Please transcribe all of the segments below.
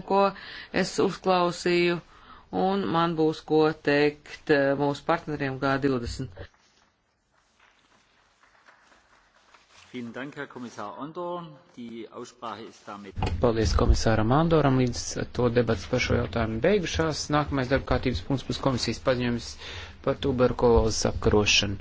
ko es uzklausīju, un man būs ko teikt eh, mūsu partneriem G20. Paldies komisāram Andoram, līdz to debats par šo jautājumu beigušās. Nākamais darba kārtības punkts būs komisijas paziņojums par tuberkulozes apkarošanu.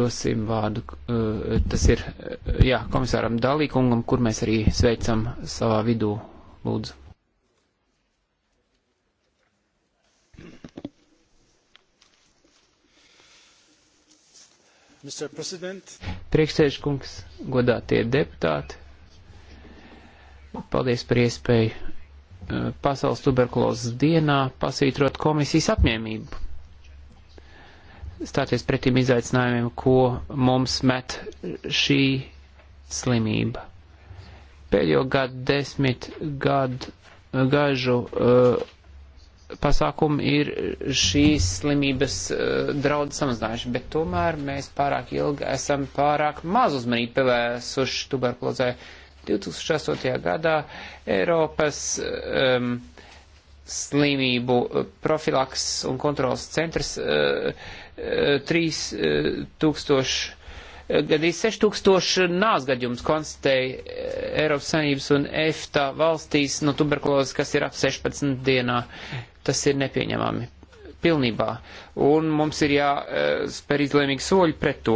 Dosim vārdu, eh, tas ir, eh, jā, komisāram Dalīkungam, kur mēs arī sveicam savā vidū. Lūdzu. Priekšsēžkungs, godātie deputāti, paldies par iespēju eh, Pasaules tuberkulozes dienā pasvītrot komisijas apņēmību stāties pretim izaicinājumiem, ko mums met šī slimība. Pēdējo gadu desmit gadu gažu uh, eh, pasākumi ir šīs slimības eh, draudu samazinājuši, bet tomēr mēs pārāk ilgi esam pārāk maz uzmanību pievērsuši tuberkulozē. 2008. gadā Eiropas um, slimību profilaks un kontrolas centrs uh, uh, 3000 gandrīz 6000 nāzgaģums konstatēja eh, Eiropas Savienības un EFTA valstīs no tuberkulozes, kas ir ap 16 dienā. Tas ir nepieņemami pilnībā, un mums ir jāspēr e, izlēmīgi soļi pret to.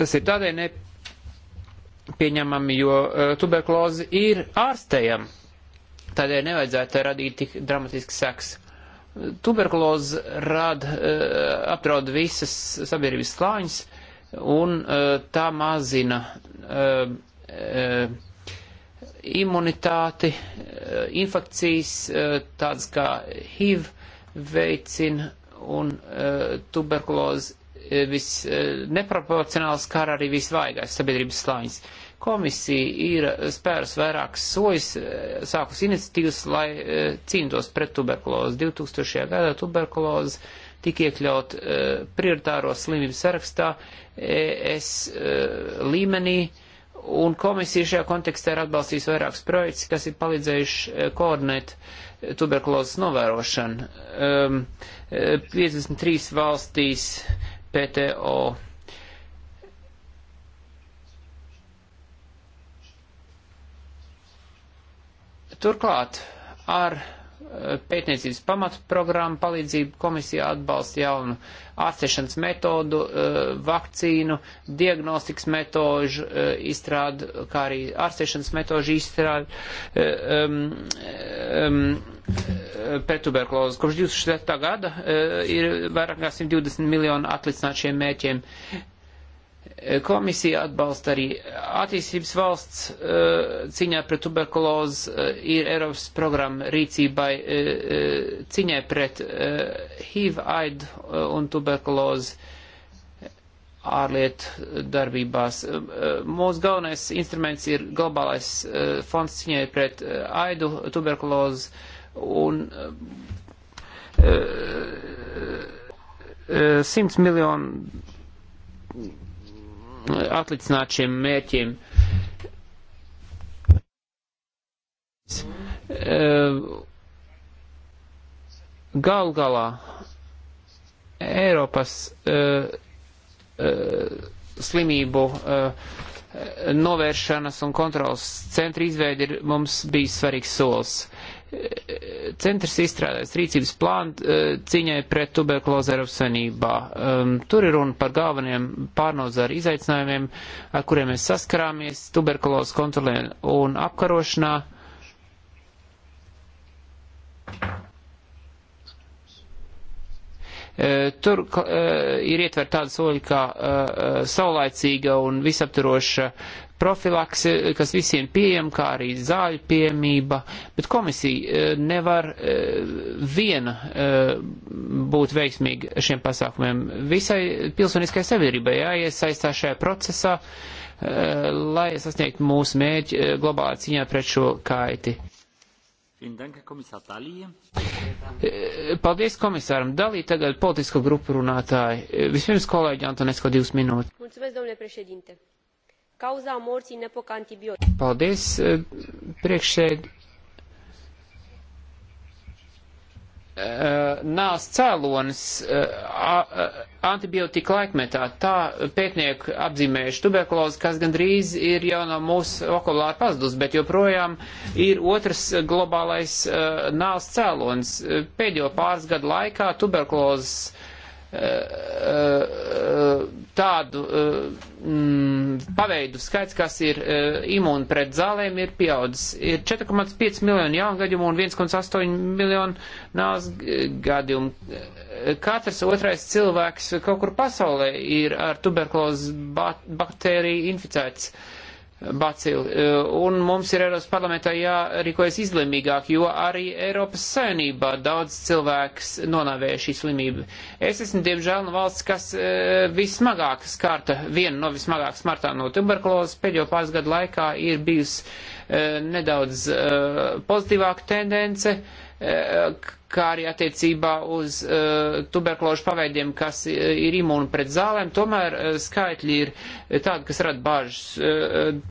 Tas ir tādēļ nepieņemami, jo e, tuberkuloze ir ārstējama. Tādēļ nevajadzētu radīt tik dramatiski seks. Tuberkuloze rada, e, apdraud visas sabiedrības slāņas, un tā mazina. Uh, uh, imunitāti, eh, infekcijas, eh, tādas kā HIV, veicina un eh, tuberkulozi visneproporcionāli skar arī visvaigais sabiedrības slāņus. Komisija ir spērus vairākas sojas, sākus iniciatīvas, lai cīnītos pret tuberkulozi. 2000. gadā tuberkulozi tika iekļaut prioritāro slimību sarakstā ES līmenī Un komisija šajā kontekstā ir atbalstījusi vairākus projekts, kas ir palīdzējuši eh, koordinēt eh, tuberkulozes novērošanu. Um, 53 eh, valstīs PTO. Turklāt ar pētniecības pamatprogramma palīdzību komisija atbalsta jaunu ārstēšanas metodu, e, vakcīnu, diagnostikas metožu e, izstrādu, kā arī ārstēšanas metožu izstrādu um, e, um, pret tuberkulozi. Kopš 2004. gada ir vairāk kā 120 miljonu atlicināt šiem mēķiem. Komisija atbalsta arī attīstības valsts eh, ciņā pret tuberkulozi, eh, ir Eiropas programma rīcībai eh, ciņai pret HIV, AID un tuberkulozi ārlietu darbībās. Mūsu galvenais instruments ir globālais fonds ciņai pret AIDu, tuberkulozi un 100 miljonu atlicināt šiem mērķiem. Eh, gal galā Eiropas eh, eh, slimību novēršanas un kontrolas centra izveidi ir mums bijis svarīgs solis. Centrs izstrādājas rīcības plānu e, cīņai pret tuberkulozi Eiropas Savienībā. Um, tur ir runa par galveniem pārnozaru izaicinājumiem, ar kuriem mēs saskarāmies tuberkulozes kontrolē un apkarošanā. Uh, E, tur e, ir ietvert tāda soļa kā e, saulaicīga un visapturoša profilakse, kas visiem pieejam, kā arī zāļu piemība, bet komisija nevar viena būt veiksmīga šiem pasākumiem. Visai pilsoniskai sabiedrībai jāiesaistās šajā procesā, lai sasniegtu mūsu mērķi globālā cīņā pret šo kaiti. Eh, paldies komisāram Dalī, tagad politisko grupu runātāji. Eh, vispirms kolēģi Antonesko divas minūtes. Mulțumesc, domnule președinte. Cauza morții în epoca antibiotică. Paldies, eh, priekšsēd. Eh, nāls cēlonis eh, antibiotika laikmetā. Tā pētnieku apzīmējuši tuberkulozi, kas gandrīz ir jau no mūsu vokulāra pazudus, bet joprojām ir otrs globālais eh, nāls cēlonis. Pēdējo pāris gadu laikā tuberkulozes tādu eh, mm, paveidu skaits, kas ir eh, imūni pret zālēm, ir pieaudzis. Ir 4,5 miljonu jaunu gadījumu un 1,8 miljonu nāves gadījumu. Katrs otrais cilvēks kaut kur pasaulē ir ar tuberkulozes baktēriju inficēts. Uh, bacili. Eh, un mums ir Eiropas parlamentā jārīkojas izlēmīgāk, jo arī Eiropas saimnībā daudz cilvēks nonāvēja šī slimība. Es esmu, diemžēl, no valsts, kas eh, vismagāk skarta, viena no vismagāk smartām no tuberkulozes pēdējo pāris gadu laikā ir bijusi Eh, nedaudz eh, pozitīvāka tendence, eh, kā arī attiecībā uz tuberkuložu paveidiem, kas ir imūni pret zālēm, tomēr skaitļi ir tādi, kas rada bažas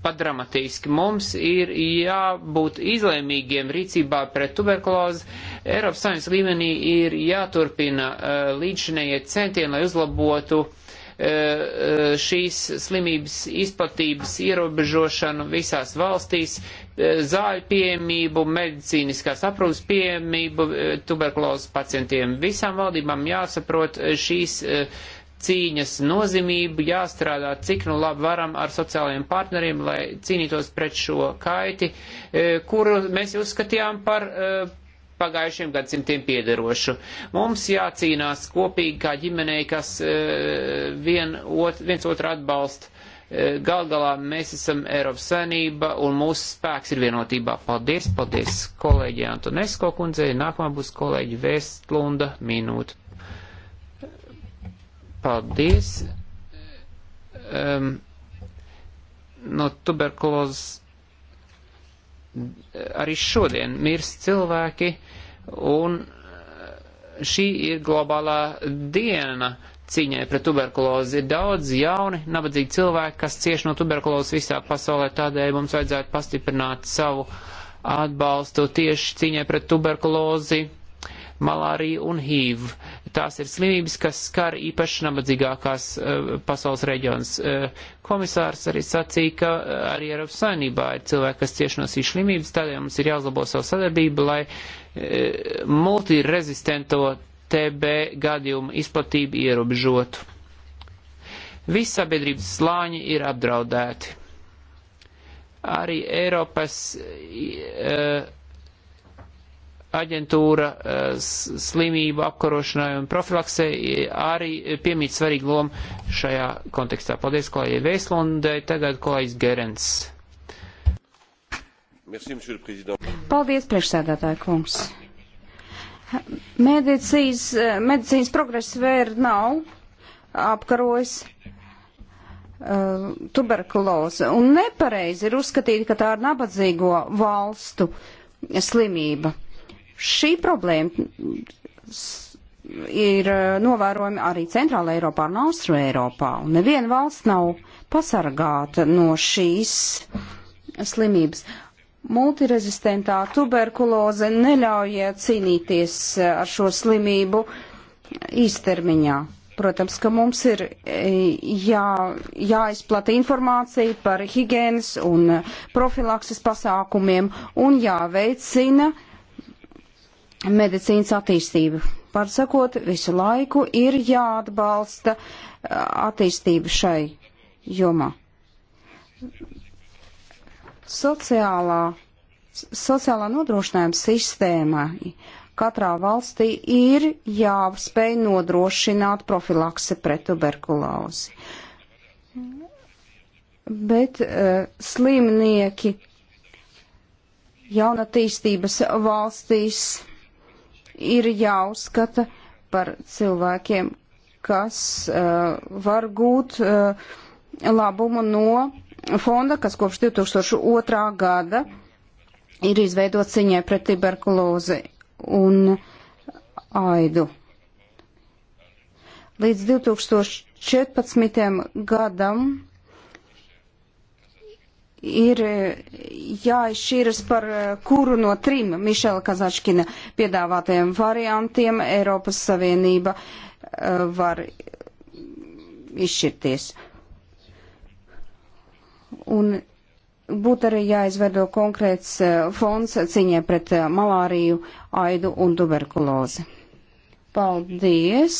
pat dramatiski. Mums ir jābūt izlēmīgiem rīcībā pret tuberkulozi. Eiropas saimnes līmenī ir jāturpina līdzinējie centieni, lai uzlabotu uh, Eh, šīs slimības izplatības ierobežošanu visās valstīs, eh, zāļu pieejamību, medicīniskās aprūpas pieejamību eh, tuberkulozes pacientiem. Visām valdībām jāsaprot šīs cīņas nozīmību, jāstrādā cik nu labi varam ar sociālajiem partneriem, lai cīnītos pret šo kaiti, kuru mēs uzskatījām par pagājušiem gadsimtiem piederošu. Mums jācīnās kopīgi kā ģimenei, kas e, vien ot, viens otru atbalsta. E, gal galā mēs esam Eiropas savienība un mūsu spēks ir vienotībā. Paldies, paldies kolēģi Antonesko kundzei. Nākamā būs kolēģi Vēstlunda minūte. Paldies. Um, no tuberkulozes arī šodien mirst cilvēki, un eh, šī ir globālā diena cīņai pret tuberkulozi. Ir daudz jauni, nabadzīgi cilvēki, kas cieši no tuberkulozes visā pasaulē, tādēļ mums vajadzētu pastiprināt savu atbalstu tieši cīņai pret tuberkulozi malārija un HIV. Tās ir slimības, kas skar īpaši nabadzīgākās uh, pasaules reģions. Uh, komisārs arī sacīja, ka uh, arī Eiropas saimnībā ir cilvēki, kas cieši no šīs slimības, tādēļ mums ir jāuzlabo savu sadarbību, lai uh, multirezistento TB gadījumu izplatību ierobežotu. Visi sabiedrības slāņi ir apdraudēti. Arī Eiropas uh, aģentūra eh, slimību apkarošanai un profilaksei eh, arī piemīt svarīgu lomu šajā kontekstā. Paldies kolēģi Veislundai, tagad kolēģis Gerens. Paldies, priekšsēdētāji kungs. Eh, medicīnas, medicīnas progresa vēra nav apkarojis uh, tuberkulozi. Un nepareizi ir uzskatīt, ka tā ir nabadzīgo valstu slimība. Uh, Šī problēma ir eh, novērojama arī Centrāla Eiropā un Austru Eiropā, un neviena valsts nav pasargāta no šīs slimības. Multirezistentā tuberkuloze neļauj eh, cīnīties eh, ar šo slimību īstermiņā. Protams, ka mums ir jā, jāizplata informācija par higienas un profilakses pasākumiem un jāveicina uh, medicīnas attīstību. Pārsakot, visu laiku ir jāatbalsta uh, attīstība šai jomā. Sociālā, sociālā nodrošinājuma sistēma katrā valstī ir jāspēj nodrošināt profilakse pret tuberkulāzi. Bet uh, slimnieki jaunatīstības valstīs ir jāuzskata par cilvēkiem, kas uh, var gūt uh, labumu no fonda, kas kopš 2002. gada ir izveidots ciņai pret tuberkulozi un aidu. Līdz 2014. gadam ir e, jāizšķiras par e, kuru no trim Mišela Kazačkina piedāvātajiem variantiem Eiropas Savienība e, var izšķirties. Un būtu arī jāizveido konkrēts fonds ciņai pret malāriju, aidu un tuberkulozi. Paldies,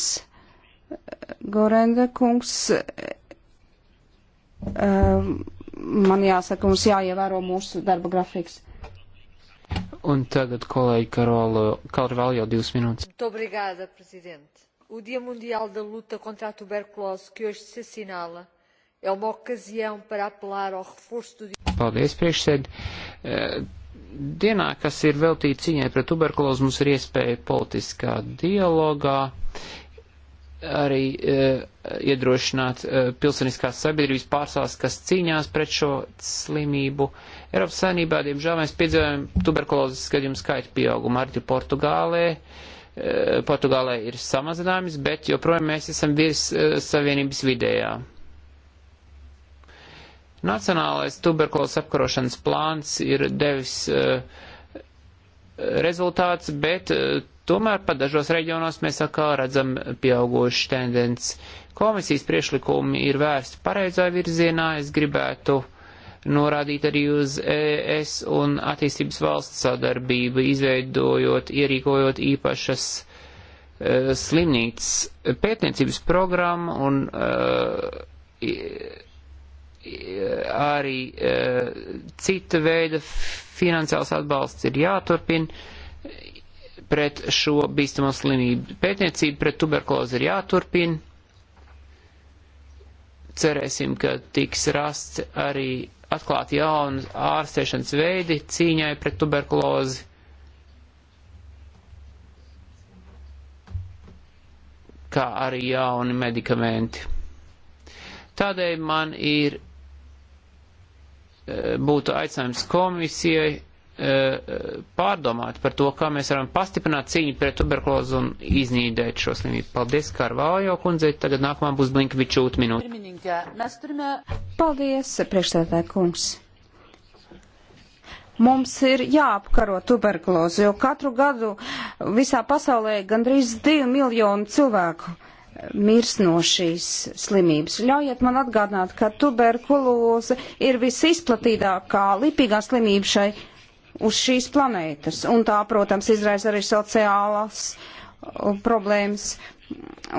Gorenda kungs. Um, man jāsaka, mums jāievēro mūsu darba grafiks. Un tagad kolēģi Karvaljo divas minūtes. Obrigada, prezident. O Dia Mundial da Luta contra a Tuberculose, que hoje se assinala, é uma ocasião para apelar ao reforço do. Paldies, priekšsēd. Eh, dienā, kas ir veltīta cīņai pret tuberkulozi, mums ir iespēja politiskā dialogā arī uh, iedrošināt uh, pilsoniskās sabiedrības pārstāvs, kas cīņās pret šo slimību. Eiropas saimnībā, diemžēl, mēs piedzīvojam tuberkulozes skatījumu skaitu pieaugumu arī Portugālē. Uh, Portugālē ir samazinājums, bet joprojām mēs esam virs uh, savienības vidējā. Nacionālais tuberkulozes apkarošanas plāns ir devis uh, rezultāts, bet uh, Tomēr pat dažos reģionos mēs atkal redzam pieaugušu tendenci. Komisijas priešlikumi ir vērsti pareizā virzienā. Es gribētu norādīt arī uz ES un attīstības valsts sadarbību, izveidojot, ierīkojot īpašas uh, slimnīcas pētniecības programmu un uh, arī uh, cita veida finansiāls atbalsts ir jāturpina pret šo bīstamo slimību. Pētniecība pret tuberkulozi ir jāturpina. Cerēsim, ka tiks rasts arī atklāt jaunu ārstēšanas veidi cīņai pret tuberkulozi. kā arī jauni medikamenti. Tādēļ man ir eh, būtu aicinājums komisijai E, pārdomāt par to, kā mēs varam pastiprināt cīņu pret tuberkulozu un iznīdēt šo slimību. Paldies, Karvājo kundze, tagad nākamā būs Blinkvičūt minūte. Paldies, priekšstādātāja kungs. Mums ir jāapkaro tuberkulozi, jo katru gadu visā pasaulē gandrīz 2 miljonu cilvēku mirs no šīs slimības. Ļaujiet man atgādināt, ka tuberkuloze ir visizplatītākā lipīgā slimība šai uz šīs planētas. Un tā, protams, izraisa arī sociālās uh, problēmas.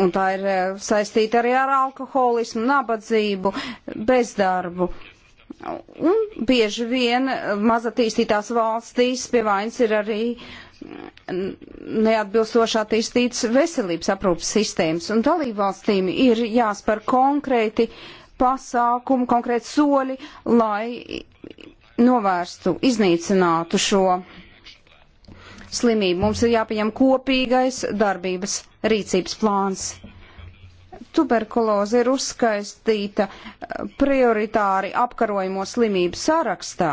Un tā ir uh, saistīta arī ar alkoholismu, nabadzību, bezdarbu. Un bieži vien uh, mazatīstītās valstīs pie vainas ir arī mm, neatbilstoši attīstīts veselības aprūpas sistēmas. Un dalību valstīm ir jāspēr konkrēti pasākumi, konkrēti soļi, lai novērstu, iznīcinātu šo slimību. Mums ir jāpieņem kopīgais darbības rīcības plāns. Tuberkuloze ir uzskaistīta eh, prioritāri apkarojamo slimību sarakstā.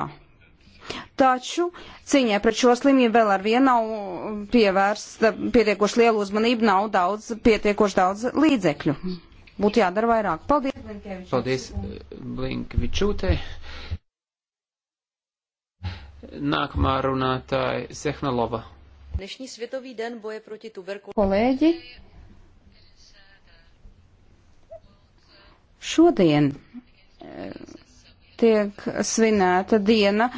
Taču cīņai pret šo slimību vēl ar vienu nav mm, pievērsta pietiekoši lielu uzmanību, nav daudz, pietiekoši daudz līdzekļu. Būtu jādara vairāk. Paldies, Blinkievičs. Paldies, eh, Blinkievičūtei. Nākamā runātāja Sehnalova. Kolēģi, šodien eh, tiek svinēta diena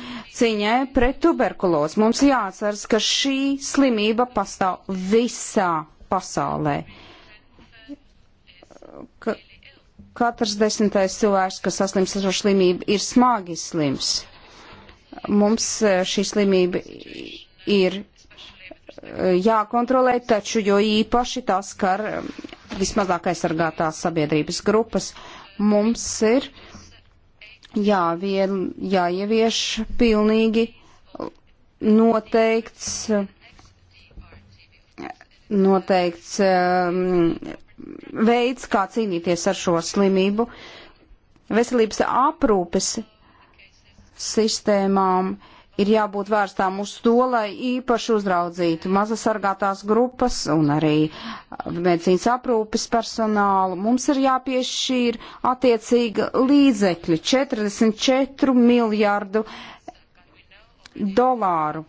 ciņai pret tuberkulozi. Mums jāatceras, ka šī slimība pastāv visā pasaulē. Ka katrs desmitais cilvēks, kas saslims ar šo slimību, ir smagi slims. Mums eh, šī slimība ir eh, jākontrolē, taču jo īpaši tas skar eh, vismazāk aizsargātās sabiedrības grupas. Mums ir jāvien, jāievieš pilnīgi noteikts, noteikts um, veids, kā cīnīties ar šo slimību. Veselības aprūpes sistēmām ir jābūt vērstām uz to, lai īpaši uzraudzītu mazasargātās grupas un arī uh, medicīnas aprūpes personālu. Mums ir jāpiešķīr attiecīga līdzekļa 44 miljārdu dolāru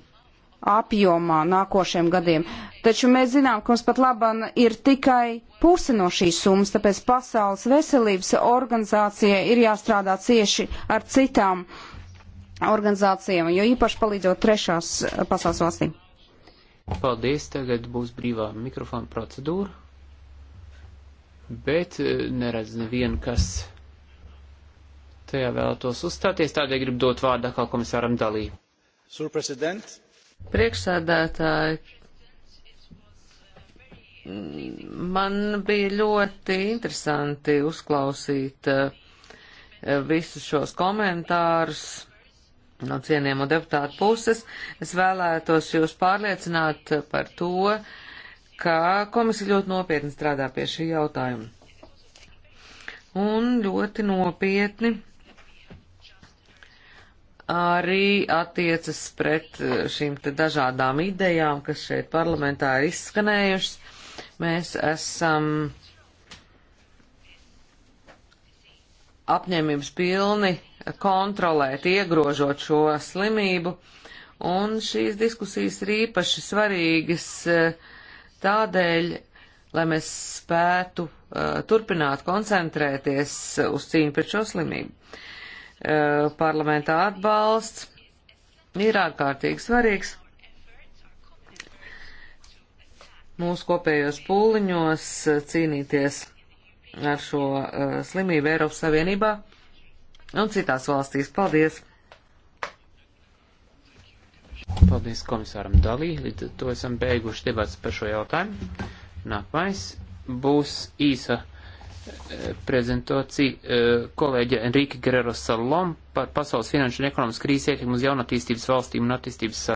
apjomā nākošiem gadiem. Taču mēs zinām, ka mums pat labam ir tikai puse no šīs summas, tāpēc Pasaules veselības organizācijai ir jāstrādā cieši ar citām uh, organizācijām, jo īpaši palīdzot trešās eh, pasaules valstīm. Paldies, tagad būs brīvā mikrofona procedūra, bet eh, neredz nevienu, kas tajā vēlētos uzstāties, tādēļ gribu dot vārdu atkal komisāram Dalī. Priekšsēdētāji, man bija ļoti interesanti uzklausīt eh, visus šos komentārus no cienījamo deputātu puses. Es vēlētos jūs pārliecināt par to, ka komisija ļoti nopietni strādā pie šī jautājuma. Un ļoti nopietni arī attiecas pret šīm te dažādām idejām, kas šeit parlamentā ir izskanējušas. Mēs esam apņēmības pilni kontrolēt, iegrožot šo slimību. Un šīs diskusijas ir īpaši svarīgas e, tādēļ, lai mēs spētu uh, turpināt koncentrēties uz cīņu pret šo slimību. Uh, parlamentā atbalsts ir ārkārtīgi svarīgs. Mūsu kopējos pūliņos cīnīties ar šo uh, slimību Eiropas Savienībā. Uh, un citās valstīs. Paldies! Paldies komisāram Dalī. Līdz ar to esam beiguši debats par šo jautājumu. Nākamais būs īsa eh, prezentācija eh, kolēģa Enrika Guerrero Salom par pasaules finanšu un ekonomisku krīzi ietekmu uz jaunatīstības valstīm un attīstības